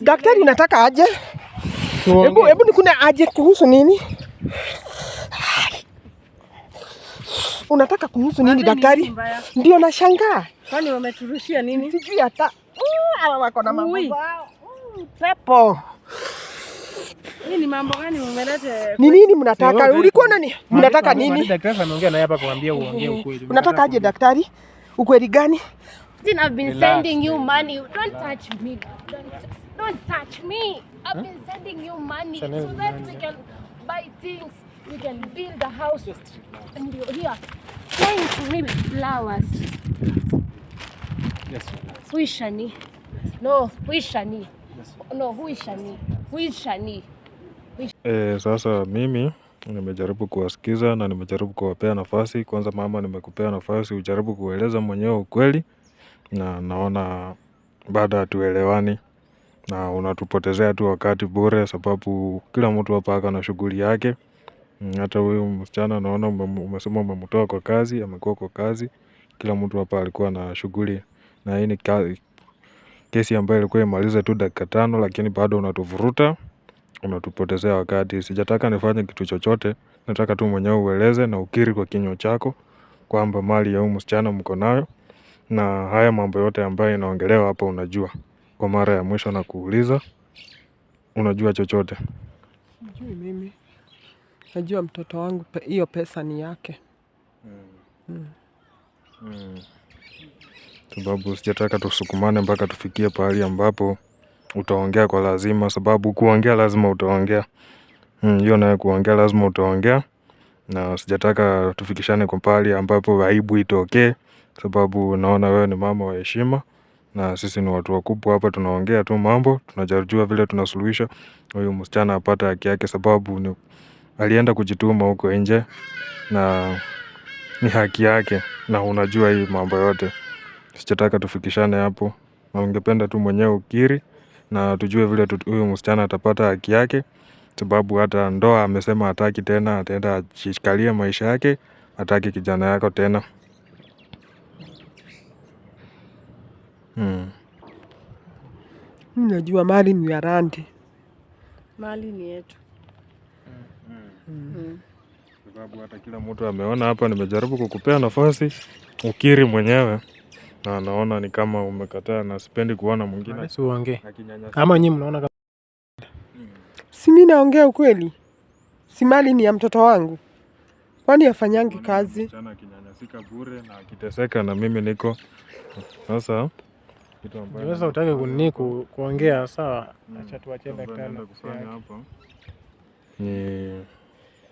Daktari, unataka aje? Hebu hebu nikune aje kuhusu nini? Unataka kuhusu nini daktari? Ndio nashangaa. Kwani wameturushia nini? Sijui hata. Hawa wako na mambo. Pepo. Nini oh. mambo gani mmeleta? Ni nini mnataka? Ulikuwa nani? Mnataka nini? Daktari ameongea naye hapa kumwambia uongee ukweli. Unataka aje daktari? Ukweli gani? Justin, I've been Relax, sending you money. Don't Relax. touch me. Don't, don't touch me. I've huh? been sending you money Chanel so that we can buy things. We can build a house. And you're here trying to me flowers. Yes, ma'am. who is Shani? No, who is Shani? Yes, no, who is Shani? Who is Shani? Eh, sasa mimi nimejaribu kuwasikiza na nimejaribu kuwapea nafasi. Kwanza mama, nimekupea nafasi ujaribu kueleza mwenyewe ukweli na naona bado hatuelewani na unatupotezea tu wakati bure sababu kila mtu hapa ako na shughuli yake mm, hata huyu msichana naona umesema umemtoa kwa kazi amekuwa kwa kazi kila mtu hapa alikuwa na shughuli na hii ni kesi ambayo ilikuwa imaliza tu dakika tano lakini bado unatuvuruta unatupotezea wakati sijataka nifanye kitu chochote nataka tu mwenyewe ueleze na ukiri kwa kinywa chako kwamba mali ya huyu msichana mko nayo na haya mambo yote ambayo inaongelewa hapa unajua kwa mara ya mwisho na kuuliza unajua chochote? Sijui mimi. Najua mtoto wangu hiyo pe, pesa ni yake. Mm. Mm. Sababu sijataka tusukumane mpaka tufikie pahali ambapo utaongea kwa lazima, sababu kuongea lazima utaongea hmm, hiyo, mm, naye kuongea lazima utaongea, na sijataka tufikishane kwa pahali ambapo aibu itokee, sababu naona wewe ni mama wa heshima na sisi ni watu wakubwa hapa tunaongea tu mambo tunajadiliana vile tunasuluhisha huyu msichana apate haki yake sababu ni alienda kujituma huko nje na ni haki yake na unajua hii mambo yote Sijataka tufikishane hapo na ungependa tu mwenyewe ukiri na tujue vile huyu msichana atapata haki yake sababu hata ndoa amesema hataki tena ataenda ajikalie maisha yake hataki kijana yako tena. Mm. Najua mali ni ya Randi. Mali ni yetu. Mm. Mm. Mm. Sababu hata kila mtu ameona hapa, nimejaribu kukupea nafasi ukiri mwenyewe na naona ni kama umekataa, na sipendi kuona mwingine uongee ama nyinyi mnaona kama... Hmm. si mimi naongea ukweli, si mali ni ya mtoto wangu, kwani afanyangi kazi, akinyanyasika bure na akiteseka, na mimi niko sasa kitu utake kuniku kuongea sawa, mm. acha tuache daktari kufanya hapo ni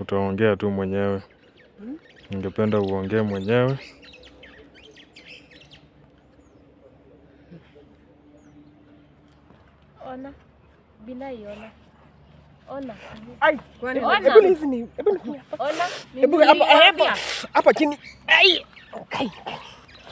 utaongea tu mwenyewe. Ningependa uongee mwenyewe Ona. Bila iona. Ona. hapa chini. Ai. Okay.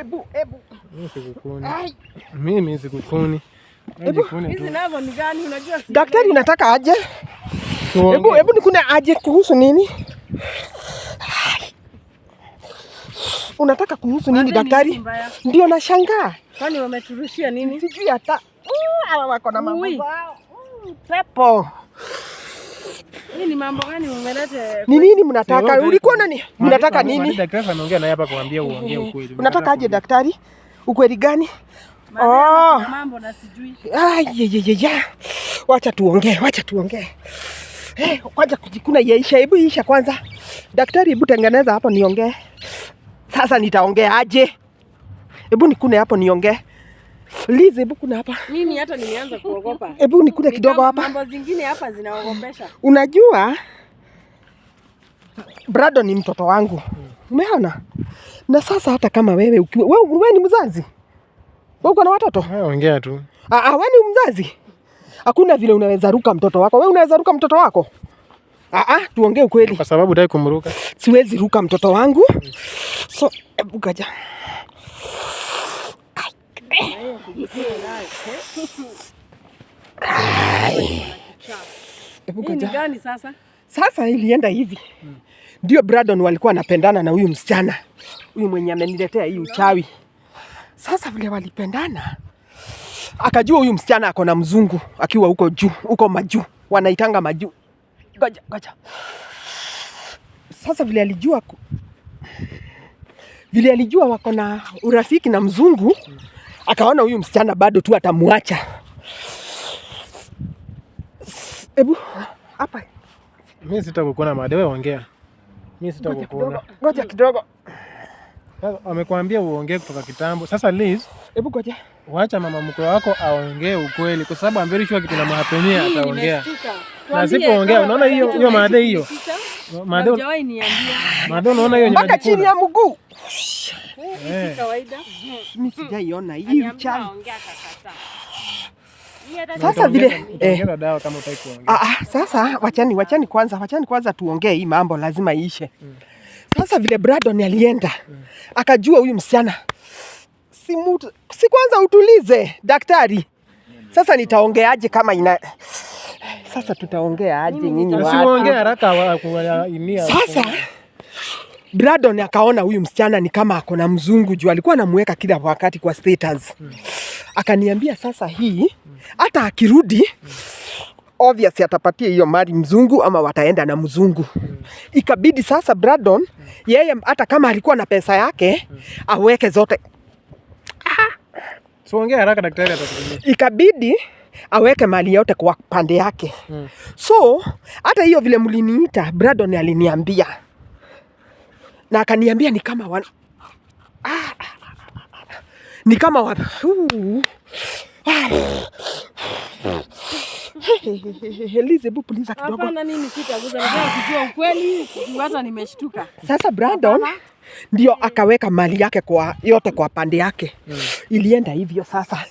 Ebu, ebu. Mimi sikukuni. Hizi nazo ni gani unajua? Daktari nataka aje. Ebu, ebu nikune aje kuhusu nini? Unataka kuhusu nini daktari? Ndio nashangaa. Kwani wameturushia nini? Sijui hata. Hawa wako na mambo. Pepo. Hii ni mambo gani umelete? Ni nini mnataka? Ulikuwa nani? Mnataka nini? Daktari anaongea naye hapa kuambia uongee ukweli. Unataka aje daktari? Ukweli gani? Oh. Mambo na sijui. ye ye Ayeyeyeye. Wacha tuongee, wacha tuongee. Eh, kwanza kuna yaisha, hebu isha kwanza. Daktari, hebu tengeneza hapo niongee. Sasa nitaongea aje? Hebu nikune hapo niongee. Lize, hebu kuna hapa. Mimi hata nimeanza kuogopa. Hebu nikule kidogo hapa. Mambo zingine hapa zinaogopesha. Unajua Brado ni mtoto wangu. Umeona? Na sasa hata kama wewe ukiwa wewe, wewe ni mzazi. Wewe uko na watoto? Wewe eh, ongea tu. Ah ah, wewe ni mzazi. Hakuna vile unaweza ruka mtoto wako. Wewe unaweza ruka mtoto wako? Ah ah, tuongee ukweli. Kwa sababu dai kumruka. Siwezi ruka mtoto wangu. So, hebu kaja gani sasa? Sasa ilienda hivi ndio, hmm. walikuwa wanapendana na huyu msichana huyu mwenye ameniletea hii uchawi. Sasa vile walipendana, akajua huyu msichana ako na mzungu akiwa huko juu, huko majuu, wanaitanga majuu. Goja goja, sasa vile alijua, vile alijua wako na urafiki na mzungu hmm akaona huyu msichana bado tu atamwacha. Ebu hapa mi sitakukuona Made, We ongea, mi sitakukuona. Ngoja kidogo, amekwambia uongee kutoka kitambo. Sasa Liz, ebu ngoja, wacha mama mkwe wako aongee ukweli, kwa sababu amberishwa kitu namhapenia, ataongea na sipoongea. Unaona hiyo hiyo hiyo Made, unaona hiyo mpaka chini ya mguu kawaida. Mimi sijaiona hii uchawi. Sasa vile eh, ah, sasa wachani wachani kwanza wachani kwanza tuongee hii mambo lazima iishe. Sasa vile Brandon alienda akajua huyu msichana si mtu, si kwanza utulize daktari. Sasa nitaongeaje kama ina sasa tutaongea aje nyinyi watu? Sasa Bradon akaona huyu msichana ni kama ako na mzungu juu alikuwa anamweka kila wakati kwa status. Hmm. Akaniambia sasa hii hata akirudi obvious atapatia hiyo mali mzungu ama wataenda na mzungu. Hmm. Ikabidi sasa Bradon hmm. yeye hata kama alikuwa na pesa yake aweke zote. Ah. So, ongea haraka daktari atakutumia. Ikabidi aweke mali yote kwa pande yake. So hata hiyo vile mliniita Bradon aliniambia na akaniambia ni kama wana... ah, ni kama wa uh, ah. Elizebu puliza kidogo. Hapana, mimi sitaguza kujua ukweli, hata nimeshtuka. Sasa Brandon ndio akaweka mali yake kwa yote kwa pande yake. Hmm. Ilienda hivyo sasa.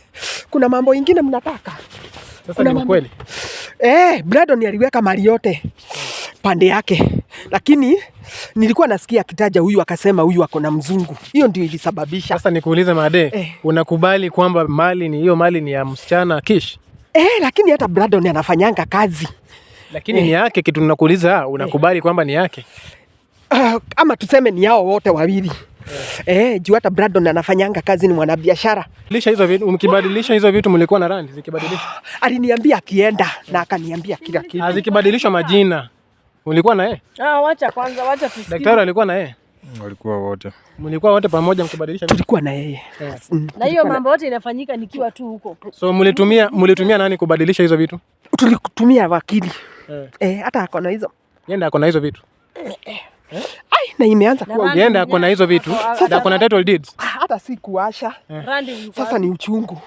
Kuna mambo ingine mnataka? Sasa ni ukweli. Eh, Brandon aliweka mali yote pande yake. Lakini nilikuwa nasikia akitaja huyu akasema huyu ako na mzungu, hiyo ndio ilisababisha. Sasa nikuulize Made, eh, unakubali kwamba mali ni hiyo mali ni ya msichana Kish? Eh, lakini hata Bradon anafanyanga kazi lakini eh, ni yake kitu nakuuliza, unakubali eh, kwamba ni yake uh, ama tuseme ni yao wote wawili eh? Eh, juu hata Brandon anafanyanga kazi, ni mwanabiashara. Mkibadilisha hizo vitu mlikuwa na randi zikibadilisha? Ah, aliniambia akienda na akaniambia kila kitu. Ah, zikibadilishwa majina Ulikuwa na yeye? Ah, wacha kwanza, wacha tusikie. Daktari alikuwa na yeye? Walikuwa mm, wote. Mlikuwa wote pamoja mkabadilisha? Tulikuwa na yeye. Eh. Na hiyo mambo yote inafanyika nikiwa tu huko. So mlitumia mlitumia nani kubadilisha hizo vitu? Tulitumia wakili. Eh. eh. hata ako na hizo. Yenda ako na hizo vitu. Eh. Ai, na imeanza kuwa yenda ako na hizo vitu. Sasa kuna title deeds. Ah, hata si kuasha. Eh. Sasa ni uchungu.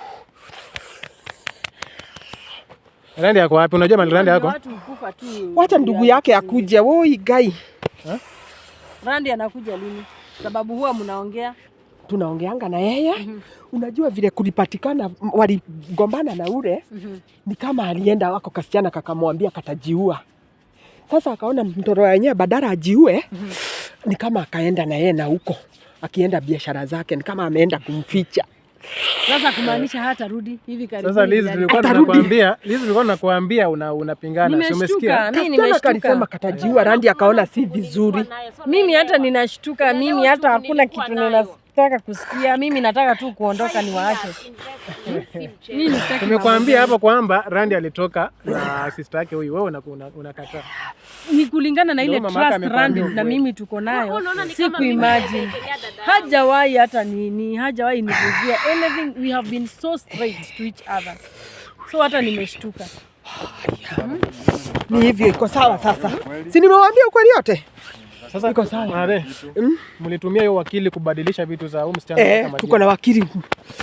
Rende yako wapi? Unajua rende yako? Wacha ndugu yake akuje. Woi gai. Eh? Rende anakuja lini? Sababu huwa mnaongea. Tunaongeanga na yeye. Mhm. Unajua vile kulipatikana waligombana na ule. Mhm. Ni kama alienda wako kasichana kakamwambia katajiua. Sasa akaona mtoro yenyewe badala ajiue. Mhm. Ni kama akaenda na yeye na huko. Akienda biashara zake ni kama ameenda kumficha. Sasa kumaanisha hata rudi hivi karibuni. Sasa Liz, nilikuwa nakuambia, Liz, nilikuwa nakuambia una unapingana. Si umesikia? Mimi nimeshtuka. Alisema katajiwa Randi akaona si vizuri. Mimi hata ninashtuka, mimi hata hakuna kitu ninataka kusikia. Mimi nataka tu kuondoka niwaache. Mimi sitaki. hapo kwamba Randi alitoka na sister yake huyu, wewe unakataa ni kulingana na ile trust rand na mimi tuko nayo, siku imagine hajawahi hata nini, hajawahi nikuzia anything. We have been so straight to each other, so hata nimeshtuka. Ni hivyo iko sawa. Sasa si nimewaambia ukweli yote. Sasa iko hmm? mlitumia hiyo wakili kubadilisha vitu za huyu msichana eh, tuko na wakili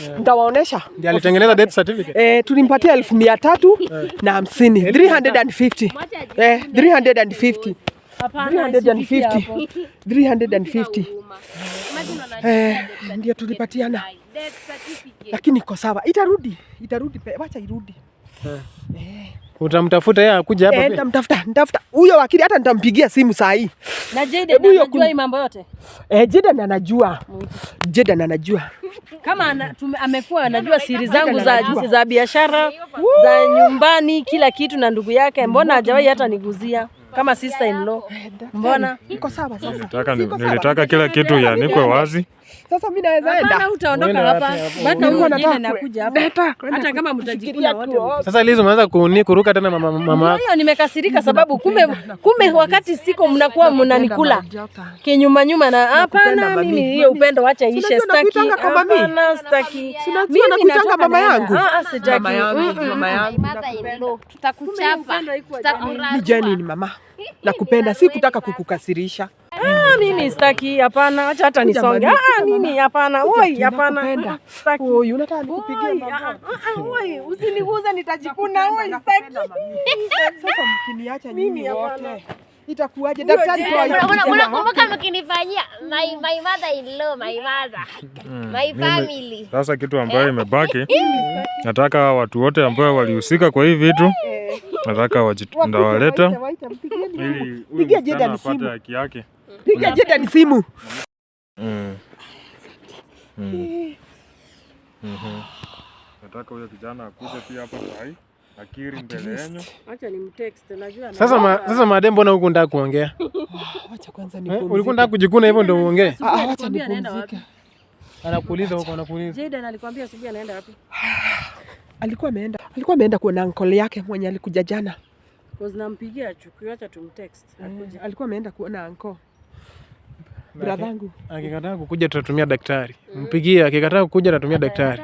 yeah. Nitawaonesha. Ndio alitengeneza death certificate eh, tulimpatia elfu mia tatu eh. na hamsini 350 eh, 350 350. 350. ndio tulipatiana, lakini iko sawa, itarudi itarudi, wacha irudi. Eh. Utamtafuta yeye akuja hapa. Eh, nitamtafuta, nitafuta. Huyo wakili hata nitampigia simu saa hii. Na Jaden anajua kun... hii mambo yote. Eh, Jaden anajua. Jaden anajua. Kama ana, amekuwa anajua siri zangu za jinsi za biashara, za nyumbani, kila kitu na ndugu yake. Mbona hajawahi hata niguzia? Kama sister in law. Eh, mbona? Niko sawa sasa. Nilitaka kila kitu yanikwe wazi. Sasa mimi naweza enda. Hapana, utaondoka hapa. Hata kama mtajikuna wote. Sasa Lizo, umeanza kuni kuruka tena mama mama. Hiyo nimekasirika sababu kume kume wakati siko mnakuwa mnanikula. Kinyuma nyuma na hapana mimi hiyo upendo acha ishe staki. Hapana staki. Mimi nakutanga mama yangu. Ah, ah, sitaki. Mama yangu. Mm, mm, mm. Tutakuchapa. Tutakurani. Ni jani ni mama. Nakupenda si kutaka kukukasirisha. Ah, mimi sitaki, hapana, acha hata nisonge. Ah, mimi hapana. oi, hapana. Sitaki. Oi, unataka nikupigie ah, ah, ah, mama. oi, usiniguze nitajikuna. Oi, sitaki. Sasa mkiniacha nyinyi wote. Itakuwaje daktari? Unakumbuka mkinifanyia my my mother in law, my mother. Mm, my family. Sasa kitu ambayo eh? imebaki nataka watu wote ambao walihusika kwa hii vitu eh nataka wajitawalete ili Jeda ni simu haki yake, piga Jeda ni simu. Mm. Mm. Mm-hmm. Nataka huyo kijana akuje pia hapa sai akiri mbele yenu. Acha nimtext, najua sasa ma, sasa madem, mbona huko ndaka kuongea? Acha kwanza eh, nipumzike. Ulikuwa ndaka kujikuna hivyo ndio uongee? Acha nipumzike. Anakuuliza huko, anakuuliza. Jeda alikwambia asubuhi anaenda wapi? alikuwa ameenda, alikuwa ameenda kuona uncle yake mwenye alikuja jana. Nampigia chuki, acha tumtext. Eh, Akuje. Alikuwa ameenda kuona uncle. Bradhangu. Akikataa kukuja tutatumia daktari. Mm. Mpigie, akikataa kukuja tutatumia daktari.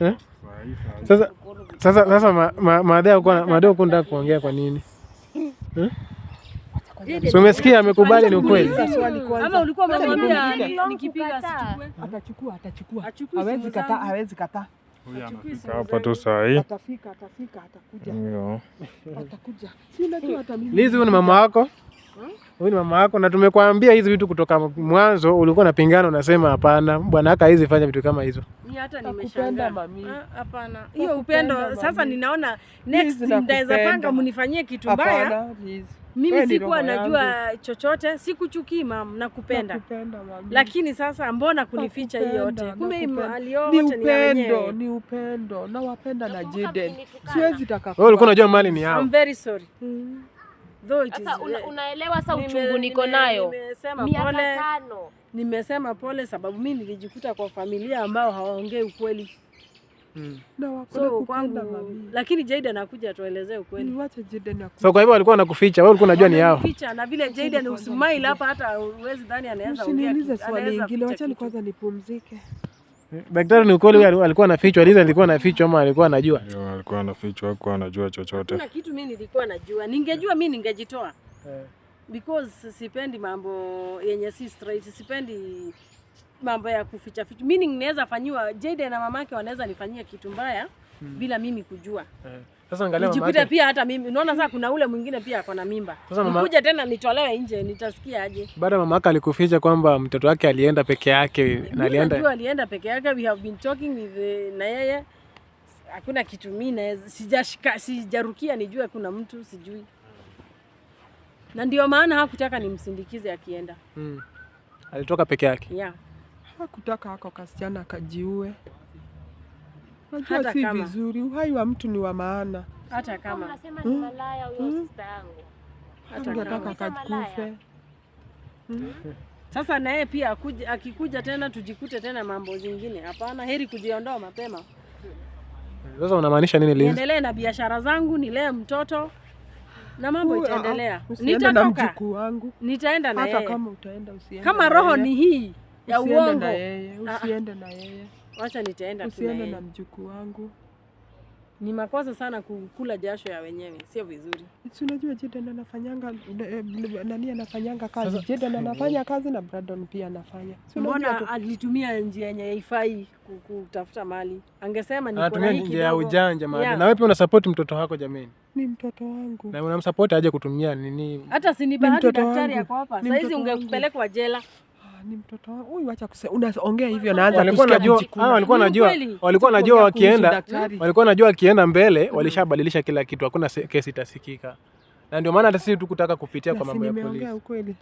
Eh? Sasa sasa sasa, maadhea huko nataka kuongea kwa nini? Eh? Si umesikia amekubali ni ukweli. Ama ulikuwa umemwambia nikipiga asichukue? Atachukua, atachukua. Hawezi kataa, hawezi kataa. Hapa tu saa hii. Atafika, atafika, atakuja. Atakuja. Si unajua hata mimi. Lizi ni mama wako? Huyu ni mama yako na tumekuambia hizi vitu kutoka mwanzo. Ulikuwa unapingana, unasema hapana, bwana aka hizi fanya vitu kama hizo. Mimi hata nimeshangaa mami, ah, hapana, hiyo upendo sasa. Ninaona next, mtaweza panga mnifanyie kitu mbaya mimi sikuwa najua chochote, sikuchukii mam, nakupenda, na lakini sasa mbona kunificha hii yote? Kumbe hali yote ni upendo, ni upendo na wapenda na Jaden. Siwezi taka wewe ulikuwa unajua mali ni yao. I'm very sorry. Hmm. Sasa eh, unaelewa sasa uchungu niko nayo. Nimesema pole, nimesema pole sababu mimi nilijikuta kwa familia ambao hawaongei ukweli. Mm. So, kwangu lakini Jayden anakuja atuelezee ukweli. So kwa hivyo walikuwa wanakuficha, wewe ulikuwa unajua ni yao. Na vile Jayden usimile hapa hata uwezi dhani anaweza ongea. Usiniulize swali lingine, wacha ni kwanza nipumzike. Daktari, ni ukweli alikuwa anafichwa, Liza alikuwa anafichwa ama alikuwa anajua? Yeye alikuwa anafichwa, hakuwa anajua chochote. Kuna kitu mimi nilikuwa najua. Ningejua mimi ningejitoa. Eh. Because sipendi mambo yenye si straight, sipendi mambo ya kuficha ficha. Mimi ninaweza fanyiwa Jade na mamake wanaweza nifanyia kitu mbaya hmm. bila mimi kujua eh. Sasa angalia mamake. yake. pia hata mimi. Unaona sasa kuna ule mwingine pia ako na mimba. Sasa mama... Nikuja tena nitolewe nje nitasikia aje? Baada mama yake alikuficha kwamba mtoto wake alienda peke yake na alienda. Ndio alienda peke yake. We have been talking with uh, na yeye. Hakuna kitu mimi na sijashika sijarukia nijue kuna mtu sijui. Na ndio maana hakutaka nimsindikize akienda. Mm. Alitoka peke yake. Yeah hakutaka hako kasichana akajiue. Najua si kama vizuri, uhai wa mtu ni wa maana. Hata kama unasema hmm? hmm? hata kama akakufe hmm? sasa na yeye pia akikuja tena tujikute tena mambo zingine. Hapana, heri kujiondoa mapema. Sasa unamaanisha nini Niendelee na biashara zangu, nilee mtoto na mambo itaendelea. Nitatoka. Nitaenda na yeye. Hata kama utaenda usiende. Kama roho ni hii ya uongo ah, ah. usiende na yeye. Wacha nitaenda tu, usiende na mjukuu wangu. Ni makosa sana kukula jasho ya wenyewe, sio vizuri. Si unajua Jayden anafanyanga eh, nani, anafanyanga kazi. Jayden anafanya kazi na Brandon pia anafanya. Mbona alitumia njia yenye haifai kutafuta mali? Angesema ni kwa anatumia njia ya ujanja maana. Na wewe pia support mtoto wako jamani. Ni mtoto wangu. Na unamsupport aje kutumia nini? Hata si ni bahati daktari yako hapa. Sasa hizi jela ni mtoto wangu huyu, acha unaongea hivyo, naanza kusikia ah, Walikuwa najua walikuwa najua wakienda walikuwa najua wakienda mbele mm. walishabadilisha kila kitu, hakuna kesi itasikika, na ndio maana hata sisi tukutaka kupitia kwa mambo ya polisi.